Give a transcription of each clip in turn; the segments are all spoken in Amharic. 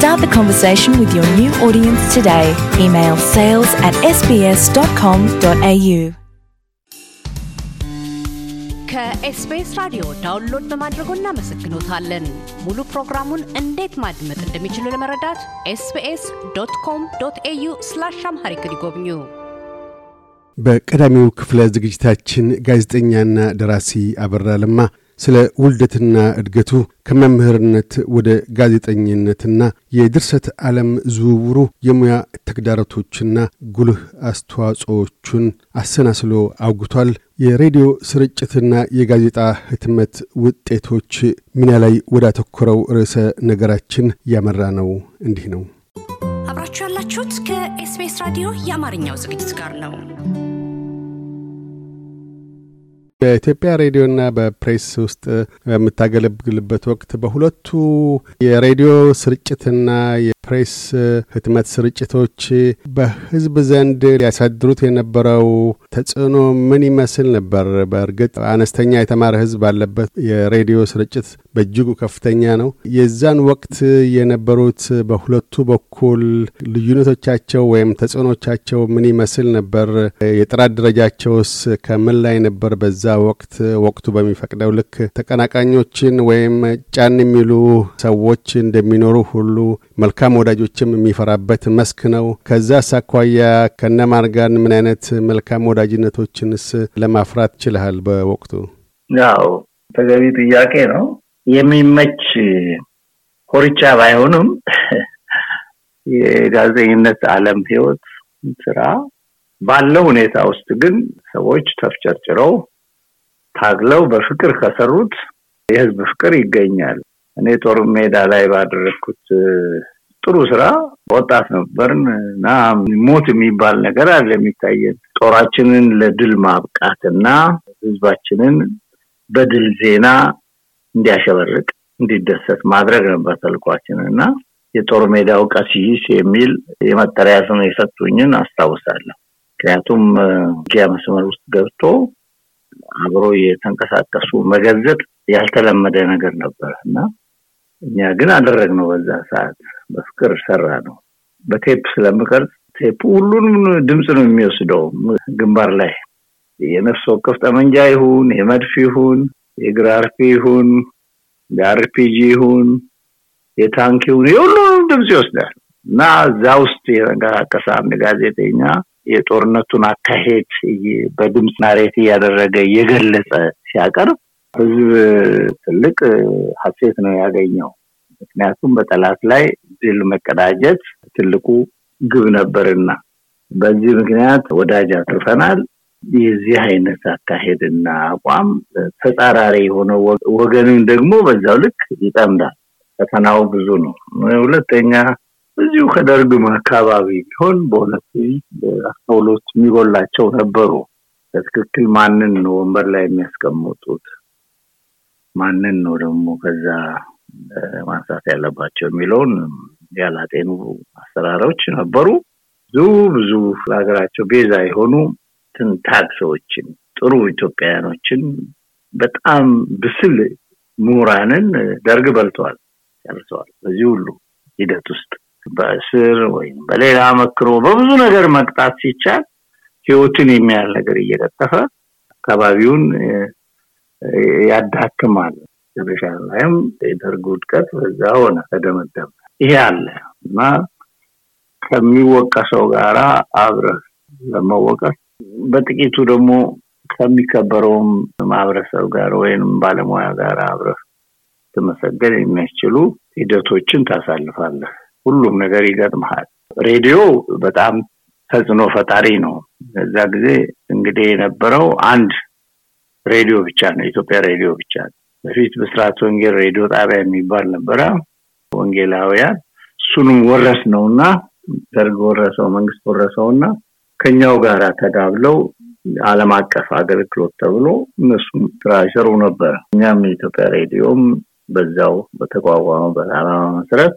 Start the conversation with your new audience today. Email sales at sbs.com.au. ከኤስቢኤስ ራዲዮ ዳውንሎድ በማድረጎ እናመሰግኖታለን። ሙሉ ፕሮግራሙን እንዴት ማድመጥ እንደሚችሉ ለመረዳት ኤስቢኤስ ዶት ኮም ዶት ኤዩ ስላሽ አምሃሪክ ይጎብኙ። በቀዳሚው ክፍለ ዝግጅታችን ጋዜጠኛና ደራሲ አበራ ለማ ስለ ውልደትና እድገቱ ከመምህርነት ወደ ጋዜጠኝነትና የድርሰት ዓለም ዝውውሩ የሙያ ተግዳሮቶችና ጉልህ አስተዋጽኦቹን አሰናስሎ አውግቷል። የሬዲዮ ስርጭትና የጋዜጣ ህትመት ውጤቶች ሚና ላይ ወዳተኮረው ርዕሰ ነገራችን ያመራ ነው። እንዲህ ነው አብራችሁ ያላችሁት ከኤስቢኤስ ራዲዮ የአማርኛው ዝግጅት ጋር ነው። በኢትዮጵያ ሬዲዮና በፕሬስ ውስጥ በምታገለግልበት ወቅት በሁለቱ የሬዲዮ ስርጭትና የፕሬስ ህትመት ስርጭቶች በህዝብ ዘንድ ሊያሳድሩት የነበረው ተጽዕኖ ምን ይመስል ነበር? በእርግጥ አነስተኛ የተማረ ህዝብ ባለበት የሬዲዮ ስርጭት በእጅጉ ከፍተኛ ነው። የዛን ወቅት የነበሩት በሁለቱ በኩል ልዩነቶቻቸው ወይም ተጽዕኖቻቸው ምን ይመስል ነበር? የጥራት ደረጃቸውስ ከምን ላይ ነበር? በዛ ወቅት ወቅቱ በሚፈቅደው ልክ ተቀናቃኞችን ወይም ጫን የሚሉ ሰዎች እንደሚኖሩ ሁሉ መልካም ወዳጆችም የሚፈራበት መስክ ነው። ከዛ ሳኳያ ከነማን ጋር ምን አይነት መልካም ወዳጅነቶችንስ ለማፍራት ችልሃል? በወቅቱ ያው ተገቢ ጥያቄ ነው። የሚመች ኮርቻ ባይሆንም የጋዜጠኝነት አለም ህይወት ስራ ባለው ሁኔታ ውስጥ ግን ሰዎች ተፍጨርጭረው ታግለው በፍቅር ከሰሩት የህዝብ ፍቅር ይገኛል። እኔ ጦር ሜዳ ላይ ባደረግኩት ጥሩ ስራ ወጣት ነበርን እና ሞት የሚባል ነገር አለ የሚታየን። ጦራችንን ለድል ማብቃት እና ህዝባችንን በድል ዜና እንዲያሸበርቅ እንዲደሰት ማድረግ ነበር ተልኳችን እና የጦር ሜዳው ቀሲስ የሚል የመጠሪያ ስም የሰጡኝን አስታውሳለሁ። ምክንያቱም ውጊያ መስመር ውስጥ ገብቶ አብሮ የተንቀሳቀሱ መገዘጥ ያልተለመደ ነገር ነበር እና እኛ ግን አደረግ ነው በዛ ሰዓት በፍቅር ሰራ ነው። በቴፕ ስለምቀርጽ ቴፕ ሁሉንም ድምፅ ነው የሚወስደው ግንባር ላይ የነፍስ ወከፍ ጠመንጃ ይሁን የመድፍ ይሁን የግራርፒ ይሁን የአርፒጂ ይሁን የታንክ ይሁን የሁሉንም ድምፅ ይወስዳል እና እዛ ውስጥ የተንቀሳቀሰ አንድ ጋዜጠኛ የጦርነቱን አካሄድ በድምፅ ናሬት እያደረገ እየገለጸ ሲያቀርብ ህዝብ ትልቅ ሀሴት ነው ያገኘው። ምክንያቱም በጠላት ላይ ድል መቀዳጀት ትልቁ ግብ ነበርና በዚህ ምክንያት ወዳጅ አትርፈናል፣ የዚህ አይነት አካሄድና አቋም ተጻራሪ የሆነ ወገንን ደግሞ በዛው ልክ ይጠምዳል። ፈተናው ብዙ ነው። ሁለተኛ እዚሁ ከደርግም አካባቢ ቢሆን በሁለት አስተውሎት የሚጎላቸው ነበሩ። በትክክል ማንን ነው ወንበር ላይ የሚያስቀምጡት፣ ማንን ነው ደግሞ ከዛ ማንሳት ያለባቸው የሚለውን ያላጤኑ አሰራሮች ነበሩ። ብዙ ብዙ ለሀገራቸው ቤዛ የሆኑ ትንታግ ሰዎችን ጥሩ ኢትዮጵያውያኖችን በጣም ብስል ምሁራንን ደርግ በልተዋል፣ ጨርሰዋል። በዚህ ሁሉ ሂደት ውስጥ በእስር ወይም በሌላ መክሮ በብዙ ነገር መቅጣት ሲቻል ህይወትን የሚያል ነገር እየለጠፈ አካባቢውን ያዳክማል። ደረሻ ላይም የደርግ ውድቀት በዛ ሆነ ተደመደመ። ይሄ አለ እና ከሚወቀሰው ጋራ አብረህ ለመወቀስ በጥቂቱ ደግሞ ከሚከበረውም ማህበረሰብ ጋር ወይም ባለሙያ ጋር አብረህ ትመሰገን የሚያስችሉ ሂደቶችን ታሳልፋለህ። ሁሉም ነገር ይገጥመሃል። ሬዲዮ በጣም ተጽዕኖ ፈጣሪ ነው። እዛ ጊዜ እንግዲህ የነበረው አንድ ሬዲዮ ብቻ ነው፣ ኢትዮጵያ ሬዲዮ ብቻ ነው። በፊት ብስራት ወንጌል ሬዲዮ ጣቢያ የሚባል ነበረ። ወንጌላውያን እሱንም ወረስ ነው እና ደርግ ወረሰው፣ መንግስት ወረሰው እና ከኛው ጋር ተዳብለው አለም አቀፍ አገልግሎት ተብሎ እነሱም ትራሸሩ ነበረ ነበር። እኛም የኢትዮጵያ ሬዲዮም በዛው በተቋቋመ በዓላማ መሰረት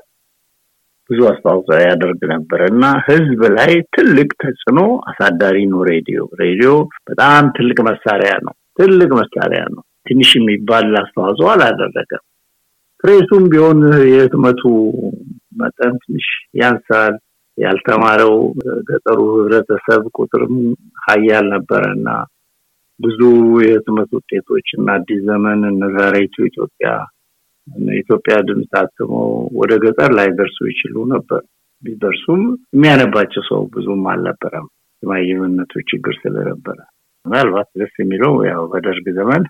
ብዙ አስተዋጽኦ ያደርግ ነበር እና ህዝብ ላይ ትልቅ ተጽዕኖ አሳዳሪ ነው ሬዲዮ። ሬዲዮ በጣም ትልቅ መሳሪያ ነው፣ ትልቅ መሳሪያ ነው። ትንሽ የሚባል አስተዋጽኦ አላደረገም። ፕሬሱም ቢሆን የህትመቱ መጠን ትንሽ ያንሳል። ያልተማረው ገጠሩ ህብረተሰብ ቁጥርም ሀያል ነበረ እና ብዙ የህትመት ውጤቶች እና አዲስ ዘመን እነዛሬቱ ኢትዮጵያ ኢትዮጵያ ድምፅ አትመው ወደ ገጠር ላይ ደርሱ ይችሉ ነበር። ቢደርሱም የሚያነባቸው ሰው ብዙም አልነበረም። የማይምነቱ ችግር ስለነበረ ምናልባት ደስ የሚለው ያው በደርግ ዘመን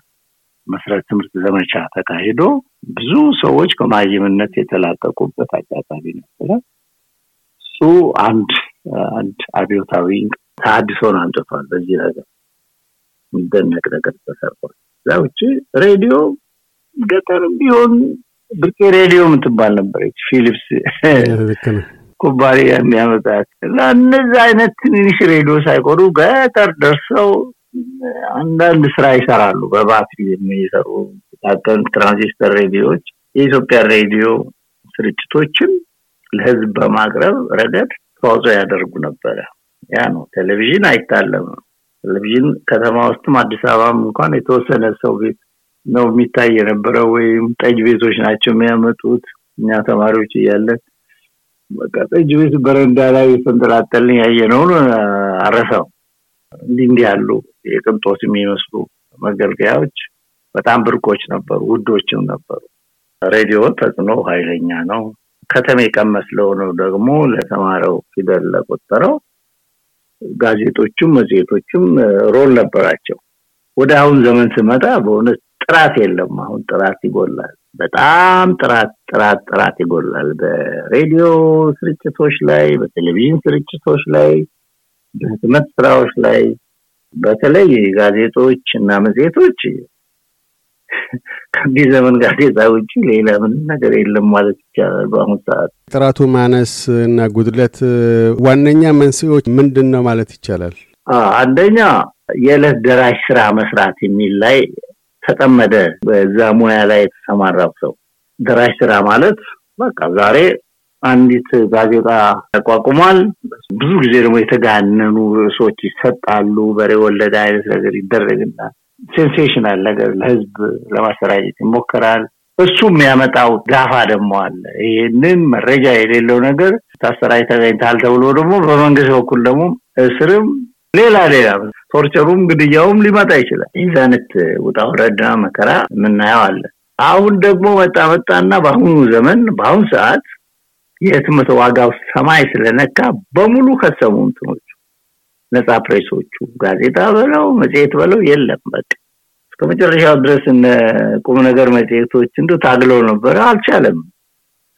መስረት ትምህርት ዘመቻ ተካሂዶ ብዙ ሰዎች ከማይምነት የተላቀቁበት አጋጣሚ ነበረ። እሱ አንድ አንድ አብዮታዊ ተሀድሶን አንጥቷል በዚህ ነገር የሚደነቅ ነገር ተሰርቷል። እዛ ውጭ ሬዲዮ ገጠር ቢሆን ብርቄ ሬዲዮ የምትባል ነበረች ፊሊፕስ ኩባሪ የሚያመጣት እና እነዚ አይነት ትንንሽ ሬዲዮ ሳይቆሩ ገጠር ደርሰው አንዳንድ ስራ ይሰራሉ። በባትሪ የሚሰሩ ትራንዚስተር ሬዲዮዎች የኢትዮጵያ ሬዲዮ ስርጭቶችም ለህዝብ በማቅረብ ረገድ ተዋጽኦ ያደርጉ ነበረ። ያ ነው ቴሌቪዥን አይታለምም። ቴሌቪዥን ከተማ ውስጥም አዲስ አበባም እንኳን የተወሰነ ሰው ቤት ነው የሚታይ የነበረው፣ ወይም ጠጅ ቤቶች ናቸው የሚያመጡት። እኛ ተማሪዎች እያለን በቃ ጠጅ ቤት በረንዳ ላይ የተንጠላጠልን ያየነውን አረሰው። እንዲህ እንዲህ ያሉ የቅንጦት የሚመስሉ መገልገያዎች በጣም ብርቆች ነበሩ፣ ውዶችም ነበሩ። ሬዲዮ ተጽዕኖ ኃይለኛ ነው። ከተሜ ቀመስ ለሆነው ደግሞ ለተማረው ፊደል ለቆጠረው ጋዜጦቹም መጽሔቶቹም ሮል ነበራቸው። ወደ አሁን ዘመን ስመጣ በእውነት ጥራት የለም። አሁን ጥራት ይጎላል። በጣም ጥራት ጥራት ጥራት ይጎላል። በሬዲዮ ስርጭቶች ላይ፣ በቴሌቪዥን ስርጭቶች ላይ፣ በህትመት ስራዎች ላይ በተለይ ጋዜጦች እና መጽሔቶች ከአዲስ ዘመን ጋዜጣ ውጭ ሌላ ምን ነገር የለም ማለት ይቻላል። በአሁኑ ሰዓት ጥራቱ ማነስ እና ጉድለት ዋነኛ መንስኤዎች ምንድን ነው ማለት ይቻላል? አንደኛ የዕለት ደራሽ ስራ መስራት የሚል ላይ ተጠመደ። በዛ ሙያ ላይ የተሰማራው ሰው ደራሽ ስራ ማለት በቃ ዛሬ አንዲት ጋዜጣ ያቋቁሟል። ብዙ ጊዜ ደግሞ የተጋነኑ ርዕሶች ይሰጣሉ። በሬ ወለደ አይነት ነገር ይደረግናል። ሴንሴሽናል ነገር ለህዝብ ለማሰራጨት ይሞከራል። እሱ የሚያመጣው ዳፋ ደግሞ አለ። ይህንን መረጃ የሌለው ነገር ታሰራጭ ተገኝታል ተብሎ ደግሞ በመንግስት በኩል ደግሞ እስርም፣ ሌላ ሌላ ቶርቸሩም፣ ግድያውም ሊመጣ ይችላል። ይህ አይነት ውጣ ውረድና መከራ የምናየው አለ። አሁን ደግሞ መጣ መጣና በአሁኑ ዘመን በአሁኑ ሰዓት የህትመት ዋጋው ሰማይ ስለነካ በሙሉ ከሰሙ እንትኖች ነፃ ፕሬሶቹ ጋዜጣ በለው መጽሔት በለው የለም በቃ እስከ መጨረሻው ድረስ እነ ቁም ነገር መጽሔቶች እንዱ ታግለው ነበረ አልቻለም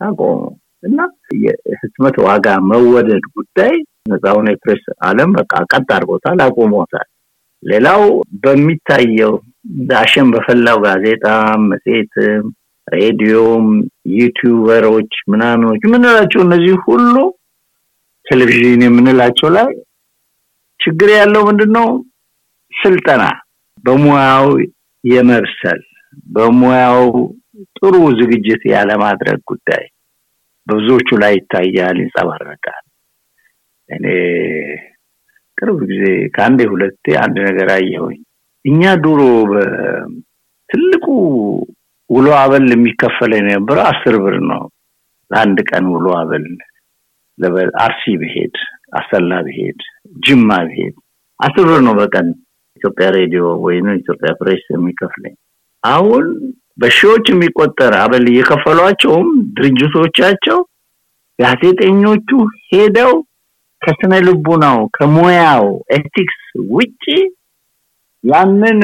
አቆሙ እና የህትመት ዋጋ መወደድ ጉዳይ ነፃውን የፕሬስ አለም በቃ ቀጥ አድርጎታል አቁሞታል ሌላው በሚታየው አሸን በፈላው ጋዜጣም መጽሔትም ሬዲዮም ዩቲዩበሮች ምናምኖች የምንላቸው እነዚህ ሁሉ ቴሌቪዥን የምንላቸው ላይ ችግር ያለው ምንድነው? ስልጠና በሙያው የመብሰል በሙያው ጥሩ ዝግጅት ያለማድረግ ጉዳይ በብዙዎቹ ላይ ይታያል፣ ይንጸባረቃል። እኔ ቅርብ ጊዜ ከአንዴ ሁለቴ አንድ ነገር አየሁኝ። እኛ ዱሮ በትልቁ ውሎ አበል የሚከፈለ የነበረው አስር ብር ነው። ለአንድ ቀን ውሎ አበል አርሲ ብሄድ አሰላ ብሄድ ጅማ ብሄድ አስር ብር ነው በቀን ኢትዮጵያ ሬዲዮ ወይም ኢትዮጵያ ፕሬስ የሚከፍለኝ። አሁን በሺዎች የሚቆጠር አበል እየከፈሏቸውም ድርጅቶቻቸው ጋዜጠኞቹ ሄደው ከስነ ልቡናው ከሙያው ኤቲክስ ውጪ ያንን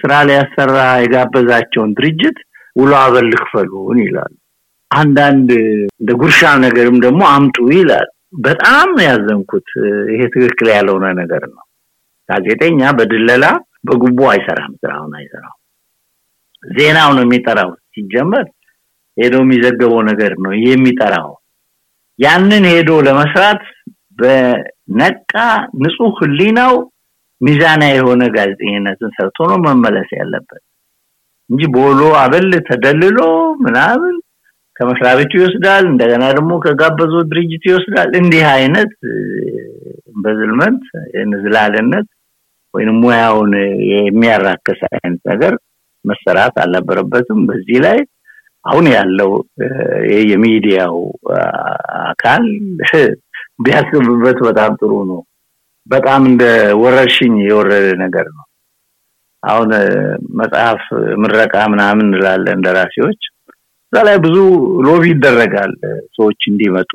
ስራ ሊያሰራ የጋበዛቸውን ድርጅት ውሎ አበል ክፈሉን ይላል አንዳንድ እንደ ጉርሻ ነገርም ደግሞ አምጡ ይላል። በጣም ያዘንኩት ይሄ ትክክል ያልሆነ ነገር ነው። ጋዜጠኛ በድለላ በጉቦ አይሰራም፣ ስራውን አይሰራም። ዜናው ነው የሚጠራው። ሲጀመር ሄዶ የሚዘገበው ነገር ነው የሚጠራው። ያንን ሄዶ ለመስራት በነቃ ንጹህ ህሊናው ሚዛና የሆነ ጋዜጠኝነትን ሰርቶ ነው መመለስ ያለበት እንጂ ቦሎ አበል ተደልሎ ምናምን ከመስሪያ ቤቱ ይወስዳል እንደገና ደግሞ ከጋበዙ ድርጅት ይወስዳል እንዲህ አይነት በዝልመት እንዝላልነት ወይም ሙያውን የሚያራክስ አይነት ነገር መሰራት አልነበረበትም በዚህ ላይ አሁን ያለው የሚዲያው አካል ቢያስብበት በጣም ጥሩ ነው በጣም እንደ ወረርሽኝ የወረደ ነገር ነው አሁን መጽሐፍ ምረቃ ምናምን እንላለን ደራሲዎች እዛ ላይ ብዙ ሎቢ ይደረጋል ሰዎች እንዲመጡ።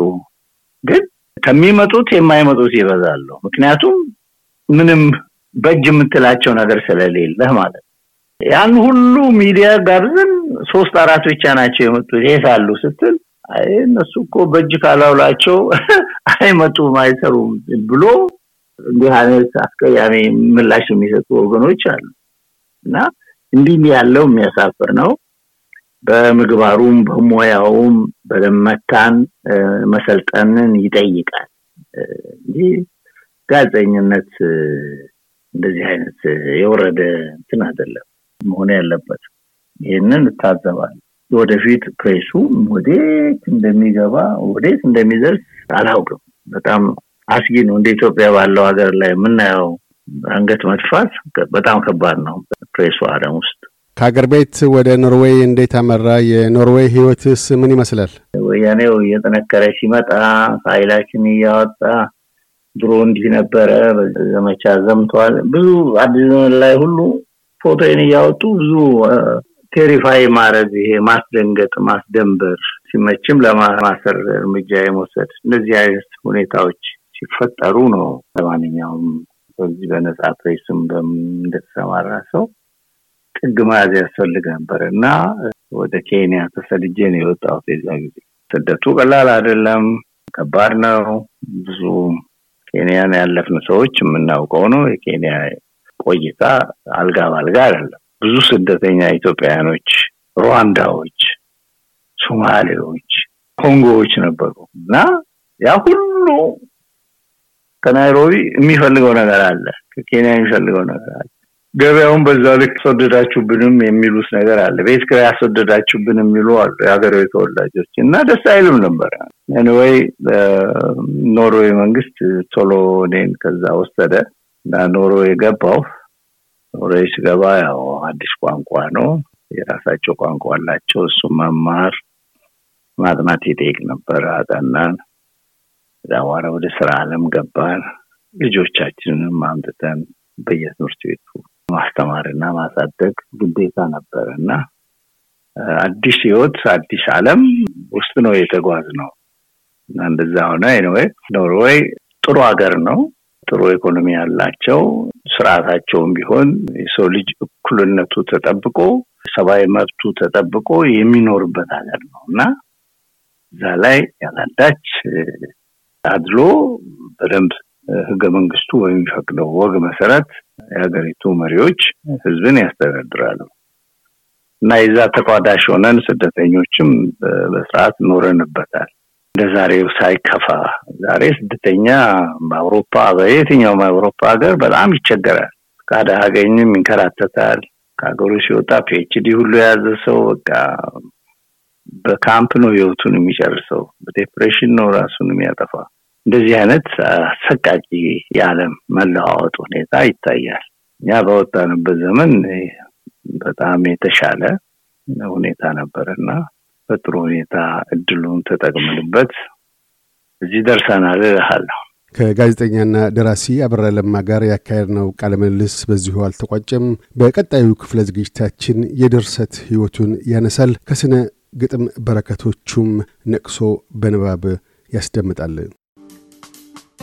ግን ከሚመጡት የማይመጡት ይበዛሉ። ምክንያቱም ምንም በእጅ የምትላቸው ነገር ስለሌለህ ማለት ነው። ያን ሁሉ ሚዲያ ጋብዘን ሶስት አራት ብቻ ናቸው የመጡት የት አሉ ስትል አይ እነሱ እኮ በእጅ ካላውላቸው አይመጡም፣ አይሰሩም ብሎ እንዲህ አይነት አስቀያሚ ምላሽ የሚሰጡ ወገኖች አሉ እና እንዲህ ያለው የሚያሳፍር ነው። በምግባሩም በሙያውም በደመታን መሰልጠንን ይጠይቃል እንጂ ጋዜጠኝነት እንደዚህ አይነት የወረደ እንትን አይደለም መሆን ያለበት። ይህንን እታዘባል። ወደፊት ፕሬሱ ወዴት እንደሚገባ ወዴት እንደሚዘርስ አላውቅም። በጣም አስጊ ነው። እንደ ኢትዮጵያ ባለው ሀገር ላይ የምናየው አንገት መድፋት በጣም ከባድ ነው። ፕሬሱ አለም ውስጥ ከአገር ቤት ወደ ኖርዌይ እንዴት አመራ? የኖርዌይ ህይወትስ ምን ይመስላል? ወያኔው እየጠነከረ ሲመጣ ፋይላችን እያወጣ ድሮ እንዲህ ነበረ፣ ዘመቻ ዘምተዋል፣ ብዙ አዲስ ዘመን ላይ ሁሉ ፎቶን እያወጡ ብዙ ቴሪፋይ ማረግ፣ ይሄ ማስደንገጥ፣ ማስደንበር ሲመችም ለማሰር እርምጃ የመውሰድ እነዚህ አይነት ሁኔታዎች ሲፈጠሩ ነው። ለማንኛውም በዚህ በነጻ ፕሬስም እንደተሰማራ ሰው ጥግ መያዝ ያስፈልግ ነበር እና ወደ ኬንያ ተሰድጄ ነው የወጣሁት። የዛ ጊዜ ስደቱ ቀላል አይደለም፣ ከባድ ነው። ብዙ ኬንያን ያለፍን ሰዎች የምናውቀው ነው። የኬንያ ቆይታ አልጋ ባልጋ አይደለም። ብዙ ስደተኛ ኢትዮጵያውያኖች፣ ሩዋንዳዎች፣ ፣ ሱማሌዎች፣ ኮንጎዎች ነበሩ እና ያ ሁሉ ከናይሮቢ የሚፈልገው ነገር አለ፣ ከኬንያ የሚፈልገው ነገር አለ። ገበያውን በዛ ልክ አስወደዳችሁብንም የሚሉት ነገር አለ። ቤት ኪራይ አስወደዳችሁብን የሚሉ አሉ የሀገራዊ ተወላጆች እና ደስ አይልም ነበር። ኤኒዌይ ኖርዌይ መንግስት ቶሎ እኔን ከዛ ወሰደ እና ኖርዌይ ገባው። ኖርዌይ ስገባ ያው አዲስ ቋንቋ ነው፣ የራሳቸው ቋንቋ አላቸው። እሱ መማር ማጥናት ይጠይቅ ነበር። አጠናን። በኋላ ወደ ስራ አለም ገባን። ልጆቻችንንም አምጥተን በየትምህርት ቤቱ ማስተማርና ማሳደግ ግዴታ ነበረ እና አዲስ ህይወት አዲስ አለም ውስጥ ነው የተጓዝ ነው እና እንደዛ ሆነ ኤኒዌይ ኖርዌይ ጥሩ ሀገር ነው ጥሩ ኢኮኖሚ ያላቸው ስርዓታቸውም ቢሆን የሰው ልጅ እኩልነቱ ተጠብቆ ሰብአዊ መብቱ ተጠብቆ የሚኖርበት ሀገር ነው እና እዛ ላይ ያላንዳች አድሎ በደንብ ህገ መንግስቱ በሚፈቅደው ወግ መሰረት የሀገሪቱ መሪዎች ህዝብን ያስተዳድራሉ እና የዛ ተቋዳሽ ሆነን ስደተኞችም በስርዓት ኖረንበታል። እንደ ዛሬው ሳይከፋ ዛሬ ስደተኛ በአውሮፓ በየትኛውም አውሮፓ ሀገር በጣም ይቸገራል። ቃደ ሀገኝም ይንከራተታል። ከሀገሩ ሲወጣ ፒኤችዲ ሁሉ የያዘ ሰው በቃ በካምፕ ነው ህይወቱን የሚጨርሰው። በዴፕሬሽን ነው ራሱን የሚያጠፋ። እንደዚህ አይነት አሰቃቂ የዓለም መለዋወጥ ሁኔታ ይታያል። እኛ በወጣንበት ዘመን በጣም የተሻለ ሁኔታ ነበር እና በጥሩ ሁኔታ እድሉን ተጠቅመንበት እዚህ ደርሰናል እልሃለሁ። ከጋዜጠኛና ደራሲ አበራ ለማ ጋር ያካሄድነው ቃለ ምልልስ በዚሁ አልተቋጨም። በቀጣዩ ክፍለ ዝግጅታችን የድርሰት ሕይወቱን ያነሳል። ከስነ ግጥም በረከቶቹም ነቅሶ በንባብ ያስደምጣል።